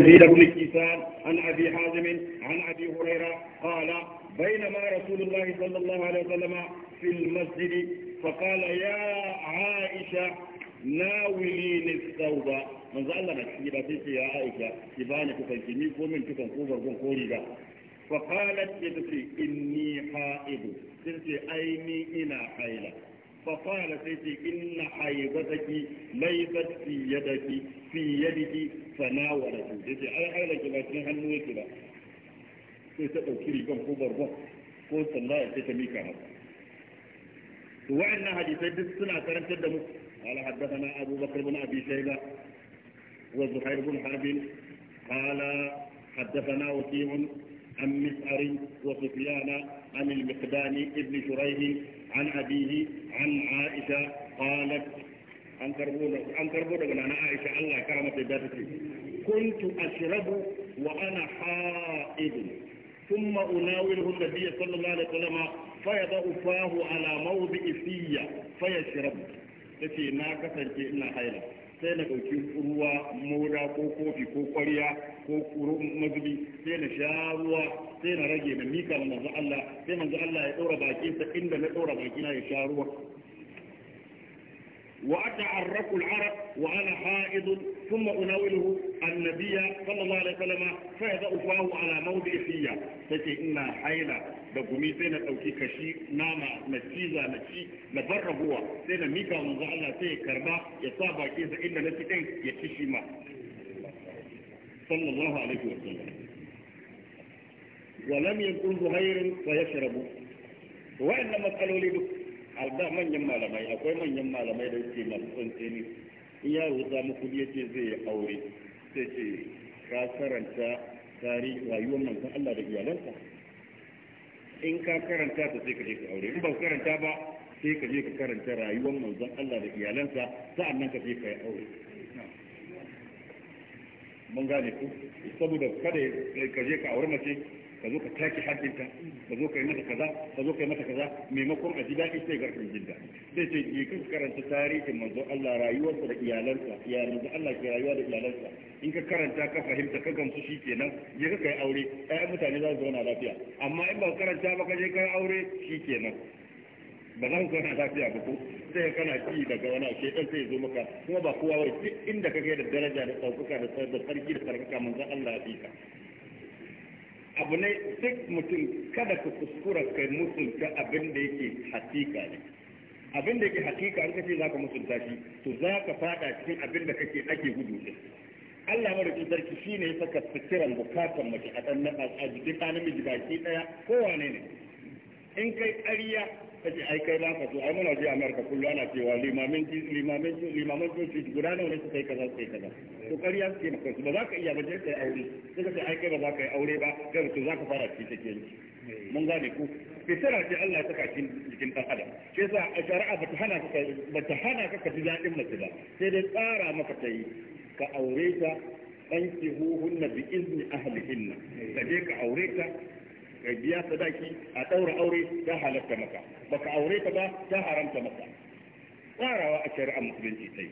يزيد بن كيسان عن أبي حازم عن أبي هريرة قال بينما رسول الله صلى الله عليه وسلم في المسجد فقال يا عائشة ناوليني الثوب من ذا الله نكسي يا عائشة كبانك تنكني كومن تكن كوبر كون كوريغا فقالت يتسي إني حائض تنسي أيني إنا حيلة فقال سيدي إن حيضتك ليست في يدك في يدك فناولته سيدي أي حيلك ما تنهى النويك لا سيدي أكري كم كبر بك قلت الله سيدي وإن حديثي دي سنة كرمت الدمو قال حدثنا أبو بكر بن أبي شيبة وزهير بن حرب قال حدثنا وكيع عن مسعر وسفيان عن المقدام ابن شريح عن أبيه عن عائشة قالت أن كربو دقنا عائشة الله كرمت ذاتك كنت أشرب وأنا حائض ثم أناوله النبي صلى الله عليه وسلم فيضع فاه على موضع فيا فيشرب تتي ناكسا ina haila. sai na ɗauki ruwa maura ko kofi ko kwarya ko mazubi sai na sha ruwa sai na rage na mika da manzo Allah sai manzo Allah ya ɗora baki ta inda na ɗora baki na ya sha ruwa wa ata'arraku al-arab wa ana ha'id thumma unawilu an-nabiyya sallallahu alaihi wasallam fa yadhu fahu ala mawdi'i fiyya sai ina haila da gumi sai na ɗauki kashi nama na ciza na ci na bar rabuwa sai na mika manzo Allah sai ya karba ya sa bakin sa inda na fitin ya ci shi ma sallallahu alaihi wa sallam wa lam yakun zuhairun fa yashrabu wa'annan matsaloli duk alba manyan malamai akwai manyan malamai da suke masu tsantseni in yaro wuta muku kudi ce zai yi aure sai ce ka karanta tarihi rayuwar manzon Allah da iyalansa in ka karanta ta sai ka je ka aure in ba karanta ba sai ka je ka karanta rayuwar manzon Allah da iyalansa sa'annan ka je ka yi aure mun gane ku saboda kada ka je ka aure mace ka zo ka take haddinta ka zo ka yi mata kaza ka zo ka yi mata kaza maimakon a ji daɗi sai garfin jin daɗi sai ce je ka karanta tarihin manzo Allah rayuwarsa da iyalansa ya manzo Allah ke rayuwa da iyalansa in ka karanta ka fahimta ka gamsu shi kenan je ka kai aure ai mutane za su zauna lafiya amma in ba karanta ba ka je kai aure shi kenan ba za ku zauna lafiya ba ko sai kana ci daga wani ake dan sai zo maka kuma ba kowa wai duk inda kake da daraja da ɗaukaka da sarki da sarkaka manzo Allah ya fi ka abu ne duk mutum kada ka kuskura kai mutunta abin da yake hakika ne abin da yake hakika an kace zaka mutunta shi to zaka fada cikin abin da kake ake gudu din Allah ki sarki shine ya saka fitiran bukatan mace a dan na a jikin namiji baki ɗaya kowane ne in kai ƙarya kace ai kai naka to ai muna je America kullu ana cewa limamin limamin limamin to shi guda nawa ne suka kai kaza suka yi kaza to kariya ƙarya suke maka ba za ka iya ba je kai aure sai ka ce ai kai ba za ka yi aure ba kai to za ka fara ci ta ke mun gane ku fitara ce Allah ta cikin jikin dan adam sai yasa a shari'a ba ta hana ka ba ta hana ka ka ji dadin mace ba sai dai tsara maka ta yi ka aure ta ɗanki huhunna bi izni ahlihinna ka je ka aure ta ka biya sadaki a ɗaura aure ta halatta maka baka aure ta ba ta haramta maka tsarawa a shari'a musulunci ta yi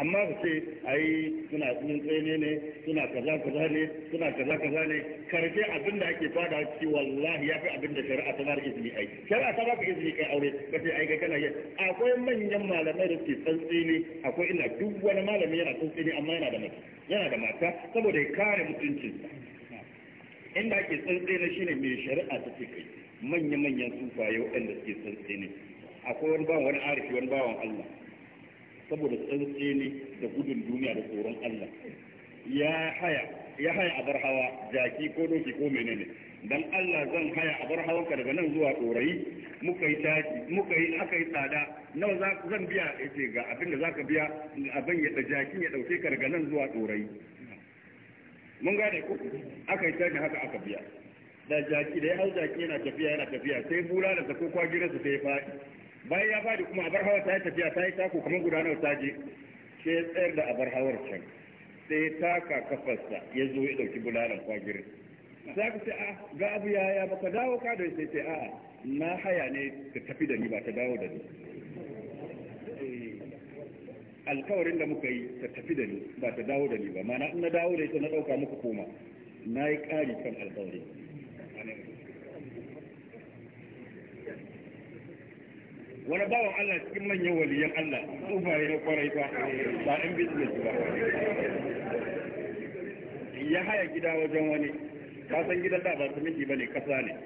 amma su ce ai suna tsunin tsaye ne suna kaza kaza ne suna kaza kaza ne karfe abin da ake fada ci wallahi ya fi abin da shari'a ta bar izini ai shari'a ta baka izini kai aure ka ce ai ga kana yi akwai manyan malamai da suke tsantsi ne akwai ina duk wani malami yana tsantsi ne amma yana da mata yana da mata saboda ya kare mutuncinsa inda ake tsantsene shine mai shari'a ta fi kai manya-manyan sufaye waɗanda suke tsantsene akwai wani bawan wani arifi wani bawan Allah saboda tsantsene da gudun duniya da tsoron Allah ya haya ya haya abar hawa jaki ko doki ko menene dan Allah zan haya abar hawan ka daga nan zuwa tsorai muka yi taki muka yi aka yi tsada nawa za zan biya yace ga abin da zaka biya abin ya da jakin ya dauke ka daga nan zuwa tsorai mun gane ko aka yi tashi haka aka biya da jaki da ya hau jaki yana tafiya yana tafiya sai bula da sako su sai ya faɗi bayan ya fadi kuma abar hawa ta yi tafiya ta yi tako kamar gudanar ta je sai tsayar da abar hawar can sai ya taka kafarsa ya zo ya dauki bulalar kwagirin za ka ce a ga abu ya baka dawo ka da sai ce a na haya ne ka tafi da ni ba ta dawo da ni alkawarin da muka yi ta tafi da ni ba ta dawo da ni ba mana na dawo da ita na ɗauka muku koma na yi ƙari kan alkawari wani bawan Allah cikin manyan waliyan Allah tsufaye na kwarai ba ba ɗan bisnes ba ya haya gida wajen wani kasan gidan da ba su miki ba ne kasa ne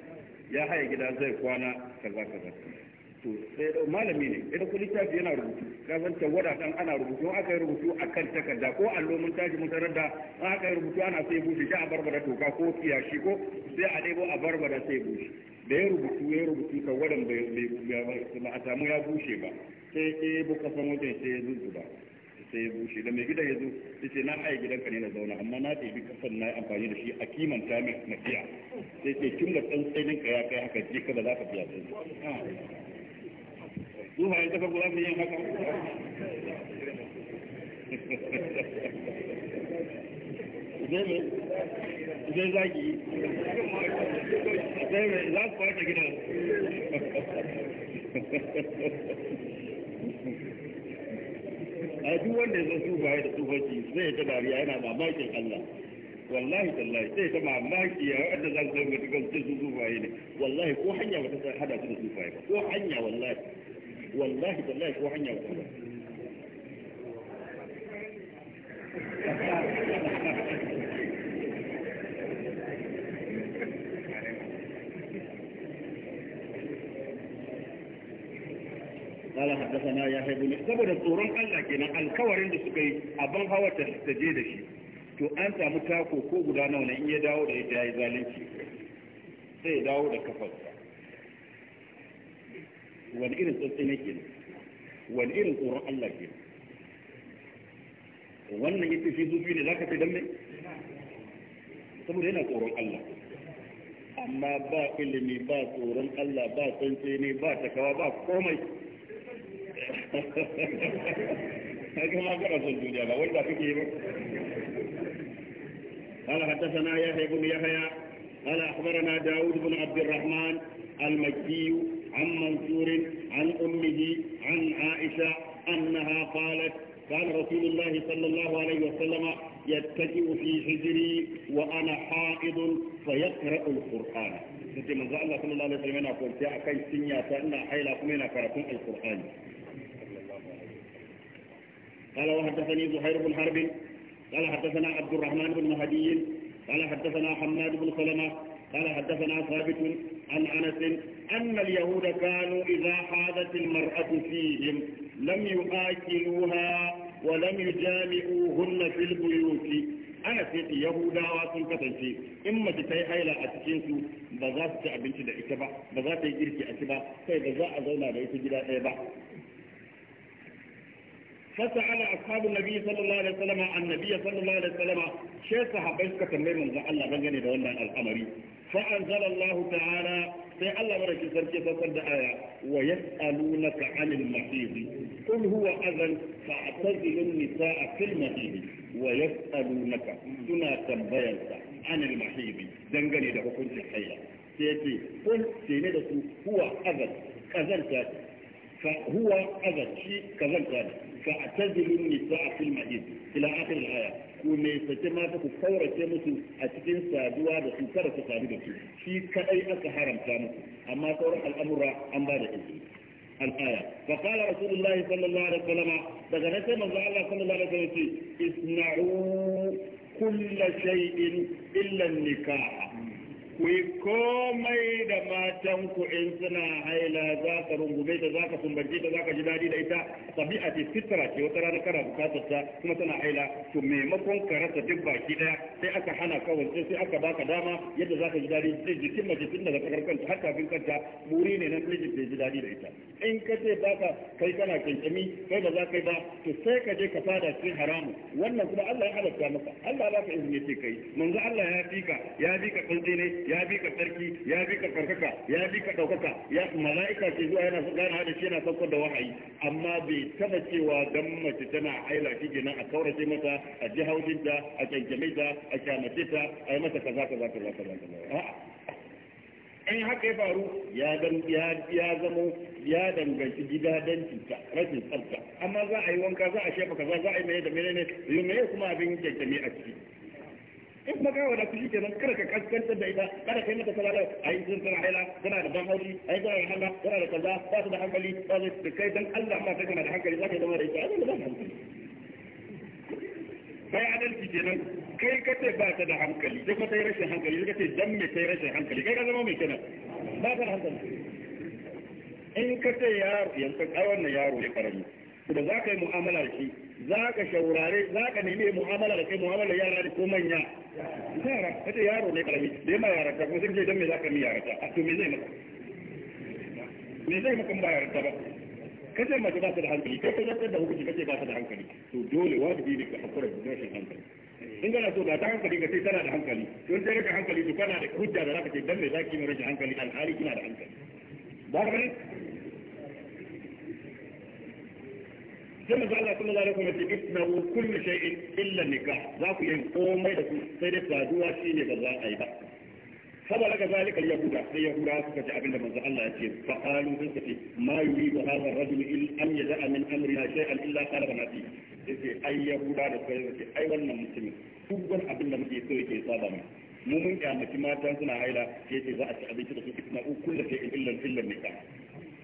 ya haya gida zai kwana kaza kaza to eh, eh, malami ne idan ku littafi yana rubutu ka san wada dan ana rubutu aka yi rubutu akan takarda ko allo mun taji mun tarar da aka yi rubutu ana sai bushe shi a barbara toka ko kiyashi ko sai a debo a barbara sai bushe da ya rubutu ya rubutu wadan bai a samu ya bushe ba sai ke buka san wajen sai ya ba sai ya bushe da mai gida ya zo ya ce na haye gidanka ne na zauna amma na ɗebi kasan na amfani da shi a kimanta min na biya sai ce kin da ka ya kai haka je ka ba za ka biya sai duha ya saka kula yin haka zai zagi za su a duk wanda ya san su da zai ta dariya yana mamakin Allah wallahi tallahi sai ta mamaki ya wanda za su su ne wallahi ko hanya ba ta hada su ba ko hanya wallahi wallahi wallahi ko hanya ba قال حدثنا يحيى بن سبب الصوران الله كنا الكوارين da suka yi abin hawa ta taje da shi to an samu tako ko guda nawa ne in ya dawo da ita yayi zalunci sai ya dawo da kafarsa wani irin tsotsi ne ke wani irin tsoron Allah ke wannan yace shi zubi ne zaka ce dan me saboda yana tsoron Allah amma ba ilimi ba tsoron Allah ba tsantsi ne ba takawa ba komai haka ma kana son duniya ba wanda kake yi ba قال حدثنا يحيى بن يحيى قال اخبرنا داود بن عبد الرحمن المكي عن منصور عن أمه عن عائشة أنها قالت كان رسول الله صلى الله عليه وسلم يتكئ في حجري وأنا حائض فيقرأ القرآن sai manzo Allah sallallahu alaihi wasallam yana kwanciya akan cinya ta ina haila kuma yana karatun alqur'ani قال وحدثني زهير بن حرب قال حدثنا عبد الرحمن بن مهدي قال حدثنا حماد بن سلمة قال حدثنا ثابت عن انس ان اليهود كانوا اذا حاذت المراه فيهم لم يآكلوها ولم يجامئوهن في البيوت ana sai yahudawa sun kasance in mace ta yi haila a cikin su ba za su ci abinci da ita ba ba za ta yi girki a ci ba sai ba za a zauna da ita gida ɗaya ba فسأل أصحاب النبي صلى الله عليه وسلم عن sallallahu alaihi الله عليه وسلم suka tambayi manzon Allah dangane da wannan al'amari فأنزل الله تعالى في الله مرك سرك فقد آية ويسألونك عن المحيض قل هو أذى فاعتزلوا النساء في المحيض ويسألونك سنة تنبيرك عن المحيض دنجلي ده كنت حيا سيتي قل سينده هو أذى كذلك فهو أذى شيء كذلك فاعتزلوا النساء في المحيض إلى آخر الآية ku ne sake mata ku kaurace musu a cikin saduwa da su kada ku sadu da su shi kadai aka haramta musu amma sauran al'amura an ba da izini الآية فقال رسول الله صلى الله عليه وسلم دقنا كما الله صلى الله عليه وسلم اسمعوا كل شيء إلا النكاح وكومي matanku in suna haila za ka rungume ta za ka sumbace ta za ka ji daɗi da ita tabi'a ce fitra ce wata rana kana bukatar ta kuma tana haila to maimakon ka rasa duk baki daya sai aka hana ka wancan sai aka baka dama yadda za ka ji daɗi sai jikin mace tun daga tsakar kanta har kafin kanta buri ne na mijin da ji daɗi da ita in ka ce baka kai kana kankami kai ba za ka yi ba to sai ka je ka fada cikin haramu wannan kuma Allah ya halatta maka Allah ba ka izini ce kai manzo Allah ya ka ya ka tsantsi ne ya fika tsarki ya ka karkaka ya bi ka ɗaukaka ya mala'ika ke zuwa yana gana da shi yana saukar da wahayi amma bai taba cewa dan mace tana aila shi kenan a kaurace mata a ji haushin a kyankyame ta a kyamace ta a yi mata kaza kaza kaza kaza in haka ya faru ya zamo ya danganci gida don cuta rashin tsafta amma za a yi wanka za a shefa kaza za a yi mai da menene yau kuma abin kyankyame a ciki in ba gawa da su yi kenan kada ka kaskantar da ita kada ka yi mata kaza ai sun tana haila tana da ban hauri ai tana da hanga tana da kaza ba su da hankali ba su da kai dan Allah ma kana da hankali zaka zama da ita ai da hankali kai adalci kenan kai ka ce ba ta da hankali sai ka sai rashin hankali sai ka ce dan me sai rashin hankali kai ka zama mai kenan ba ta da hankali in ka ce yaro yanzu kai wannan yaro ne karami da za ka yi mu'amala shi za ka shaurare za ka nemi mu'amala da kai mu'amala yara da ko manya yara kace yaro ne karami da yamma yara ta kuma sai dan me za ka mi yara ta a to me zai maka me zai maka ba yara ta ba kace mace ba ta da hankali kai kace da hukunci kace ba ta da hankali to dole wajibi ne ka hakura da rashin hankali in kana so ba ta hankali ka sai tana da hankali don ta ka hankali to kana da hujja da zaka ce dan me zaki mu rashin hankali alhali kina da hankali ba ka ne كما قال كل ذلك ما تبتنوا كل شيء إلا النكاح ذاك ينقوم لك سرطة دواشين بالله أيضا هذا لك ذلك اليهودة اليهودة فجاء بنا من الله أجير فقالوا ذلك ما يريد هذا الرجل إلا أن يدع من أمرنا شيئا إلا قرب نبيه إذن أي يهودة ذلك أيضا من المسلمين كبن أبنا من يسوي كي صابنا ممن يعمل ما تنسنا عيلا كي تزاعش أبيتك تبتنوا كل شيء إلا النكاح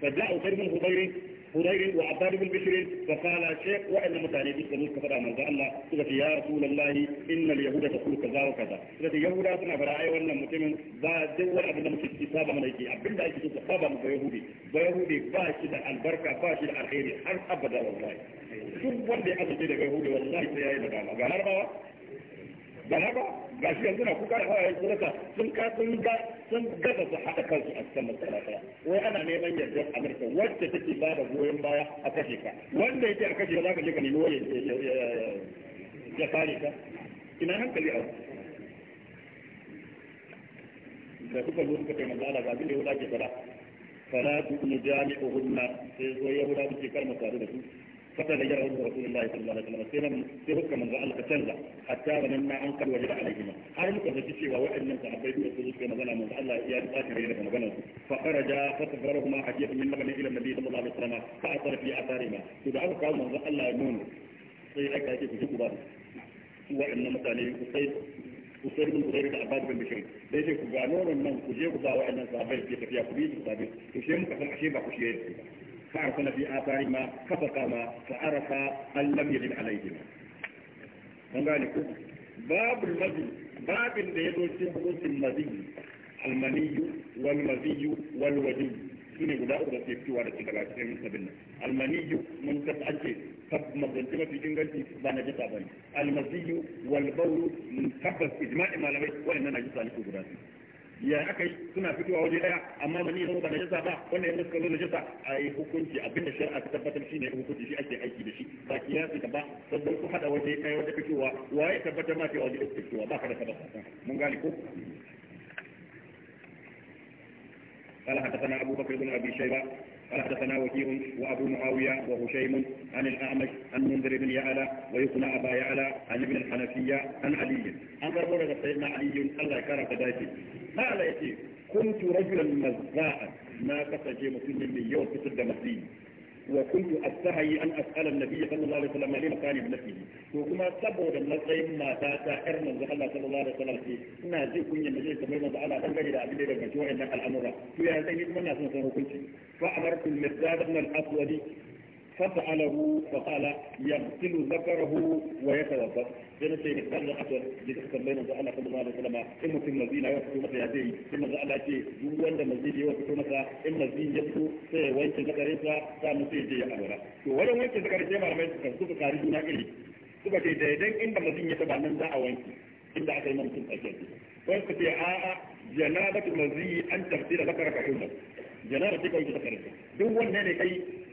فجاءوا خير من خبيري فريد وعطار بن بشير فقال شيخ وان متاريخ كان مصطفى من a اذا يا رسول الله ان اليهود تقول كذا وكذا الذي يهودا كما راي wannan mutumin ba duk wani abin da muke tsaba ba mai ke abin da ake so ka ba mu ba yahudi ba shi da albarka ba da alheri har abada wallahi duk wanda ya ji daga yahudi wallahi sai ya yi magana ga haba ga shi yanzu na kuka hawa yanzu su sun ka sun ga sun gaba su haɗa kansu a cikin matsala ɗaya wai ana neman yardar amurka wacce take ba da goyon baya a kashe ka wanda yake a kashe za ka je ka nemi waye eh, eh, eh, ya kare ka ina hankali a da suka zo suka kai matsala ga abin da ya wuce ke fara fara duk hunna sai zo ya wuce kalmar tare da su kada da yarawar da rasulun lai sallallahu alaihi ka canza an kar wajiba alaihi har muka ga cewa wa'annan da abai da su kai magana ya yi tsaka da magana su fa karaja fa tabarahuma hadiyat min magana ila nabi sallallahu alaihi wa sallam fa atara aka kawo manzo Allah ya nuna sai aka yi ku ku ba su wa'annan mutane ku sai ku فارسل في آثارهما فسقما فعرف أن لم يجد عليهما وذلك باب المذي باب يدل في حدوث المذي المني والمذي والودي sune guda uku da ke fitowa da daga cikin sabin almaniyu mun ka mabbanci mafi inganci ba na jisa ba ne almaziyu mun tabbas ijma'i malamai wannan na jisa ne guda biyu ya aka yi suna fitowa waje daya amma mani ya ba najasa ba wannan ya suka zo najasa a yi hukunci abinda shari'a ta tabbatar shine hukunci shi ake aiki da shi ba kiyasi ka ba sannan ku hada waje kai wata fitowa waye tabbatar ma cewa waje da fitowa ba ka da tabbata mun gane ko قال حدثنا ابو بكر بن ابي شيبه قال حدثنا وكيع وابو معاويه وهشيم عن الاعمش عن منذر بن يعلى ويقنع ابا يعلى عن ابن الحنفيه عن علي. انظر سيدنا علي الله يكرم فدايته kala yake kuntu rajulan mazza'a na kasance mutumin mai yawan fitar da wa kuntu matsayi وكنت استحي ان اسال النبي صلى الله عليه وسلم لما كان to kuma saboda matsayin mata ta yar manzo Allah sallallahu alaihi wasallam ce ina ji kunya da zai tabbata manzo Allah dangane da abin da daga cikin wannan al'amura to ya sai kuma na son san hukunci fa amartu al-mizdad ibn al-aswad فسأله فقال يغسل ذكره ويتوضأ sai na ce da kan da aka ji suka bai manzo Allah sallallahu alaihi wasallam in mutum mazina ya fito masa ya dai sai manzo Allah ce duk wanda mazini ya fito masa in mazini ya fito sai ya wanke zakarin sa sai mutum ya je ya alwala to wajen wanke zakarin sai malamai suka suka kari juna iri suka ce daidan ya taba nan za a wanke inda duk wanne ne kai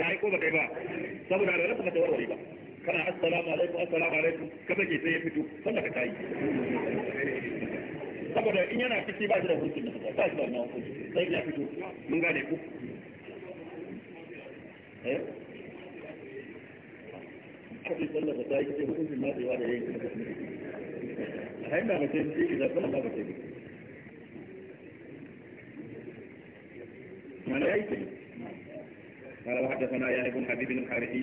kai ko baka yi ba da warware ba kana assalamu alaikum assalamu alaikum sai ya fito sallah ka saboda in yana ciki ba shi da hukunci ba shi da wannan hukunci sai fito mun gane ku eh sallah ka ma da yake ba da ta yi mana قال وحدثنا يا ابن حبيب الحارثي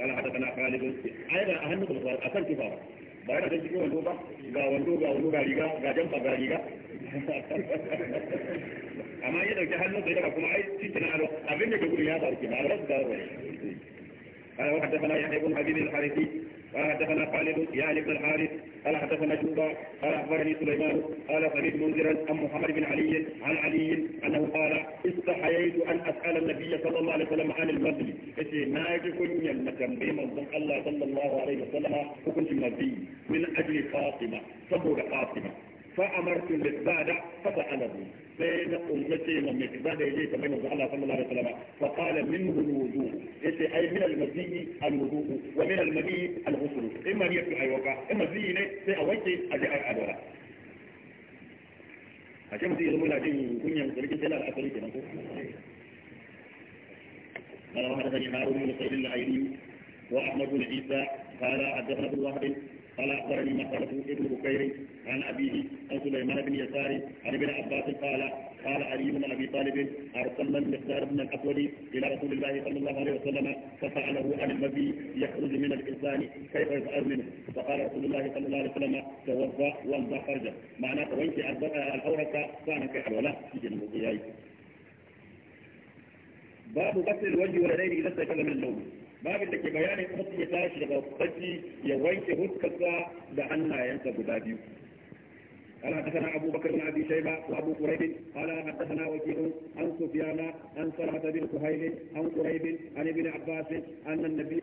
قال حدثنا خالد ايضا اهم الخبر اكل كفاره ba da cikin wando ba ga wando ga wando ga riga ga jamfa ga riga amma ya dauki hannun sa daga kuma ai cikin aro abin da ke gudu ba da قال وحدثنا يحيى بن حبيب الحارثي قال حدثنا خالد يا ابن الحارث قال حدثنا جوبا قال اخبرني سليمان قال فريد منذرا عن محمد بن علي عن علي انه قال استحييت ان اسال النبي صلى الله عليه وسلم عن المبني يجي ناجي كنيا نتنبي من الله صلى الله عليه وسلم وكنت النبي من اجل فاطمه صبر فاطمه فأمرت المقداد ففعله بين أمتي والمقداد إليه كما رضي الله صلى الله عليه وسلم فقال منه الوضوء إيه أي من المذي الوضوء ومن المذي الغسل إما في أي وقع إما ذي في أويتي أجعل أدورا عشان زي يقول لك كنيا مسلكين سلا الأسرية كنا قال وحدثني هارون بن سعيد العيني وأحمد بن عيسى قال حدثنا ابن واحد قال أخبرني مسألة ابن بكير عن أبيه عن سليمان بن يساري عن ابن عباس قال قال علي بن أبي طالب أرسلنا المقدار بن الأسود إلى رسول الله صلى الله عليه وسلم ففعله عن المبي يخرج من الإنسان كيف يظهر منه فقال رسول الله صلى الله عليه وسلم توضأ وامضى فرجك معناه وانت الأورقة كان كحل ولا في الموضوع باب غسل الوجه واليدين إذا استيقظ من النوم babin da ke bayanin mutum ya tashi daga bacci ya wanke huskarsa da hannayensa guda biyu قال حدثنا ابو بكر بن ابي شيبه وابو قريب قال حدثنا وكيل عن سفيان عن سلمه بن سهيل عن قريب عن ابن عباس ان النبي